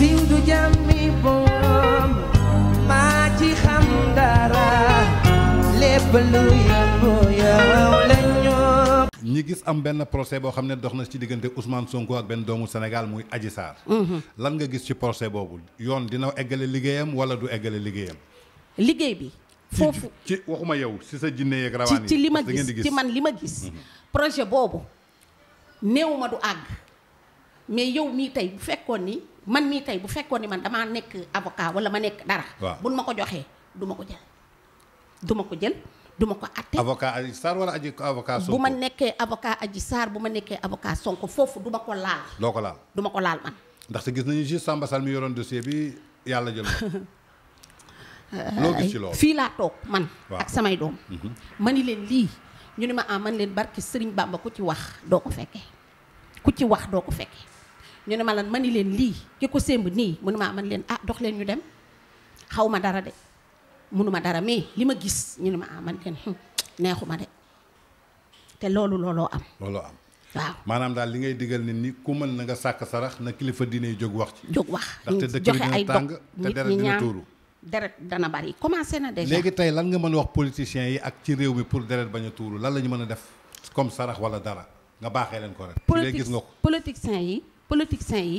siiw du jàmmi boom maa ci xam dara lépp lu yëngu yow la ñoo ñi gis am benn procès boo xam ne dox na ci diggante Ousmane Sonko ak benn doomu senegal muy aji Sarr mhm. lan nga gis ci procès boobu yoon dina eggale liggéeyam wala du eggale liggéeyam liggéey bi foofu ci waxuma yow si sa jinne yeeg rawaan yi ci li ma gis ci man li ma gis mhm. projet boobu néew du àgg mais yow mii tey bu fekkoon ni man mii tey bu fekkoon ni man damaa nekk avocat wala ma nekk dara. waaw buñ ma ko joxee du ma ko jël. du ma ko jël du ma ko atte. avocat Adji Sarr bu ma nekkee avocat Adji Sarr bu ma nekkee avocat Sonko foofu du ma ko laal. doo ko laal du ma ko laal man. ndaxte gis nañu juste Samba Sall mi yoroon dossier bi yàlla jël ma. loo gis ci loolu fii laa toog man. ak samay doom. Mhm. ma ni leen lii ñu ne ma ah man leen barki Serigne Bamba ku ci wax doo ko fekkee ku ci wax doo ko fekkee. ñu ne ma lan mani len li ki ko ni nii ma man len ah dox len ñu dem xawma dara de ma dara mi lima gis ñu ne ma ah, man leen neexuma de te lolu am Lolo am waaw Mana daal li ngay digal nit ni ku mën na nga sak sarax na kilifa dine jog wax ci jog wax ndaxte dëkk bi te dara dina tuuru deret dana bari commencé na déjà légui tay lan nga mën wax politiciens yi ak ci réew mi pour deret baña a lan lañu mëna def comme sarax wala dara nga baxé len ko rek légui gis nga ko yi politiciens yi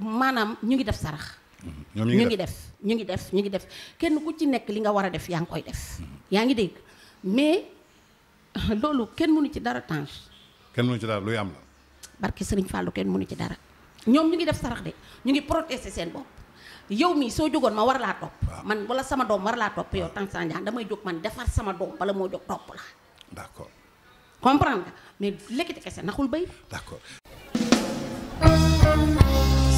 manam ñu ngi def sarax. Mm-hmm. ñu ngi def ñu ngi def ñu ngi def kenn ku ci nekk li nga wara def yang koy def. Mm-hmm. yaa ngi dégg mais lolu kenn mënu ci dara tanche kenn mënu ci dara lu am la. barke serigne fallu kenn mënu ci dara ñom ñu ngi def sarax de ñu ngi protester sen bop yow mi so jógoon ma war la top man wala sama dong war la top yow sa Tandian damay jog man defar sama dong bala mo jog top la. d'accord. comprendre nga mais léegi kese bay. d'accord.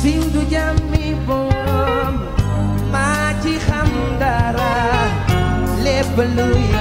siiw du jàmmi boom maa ci xam dara lépp luy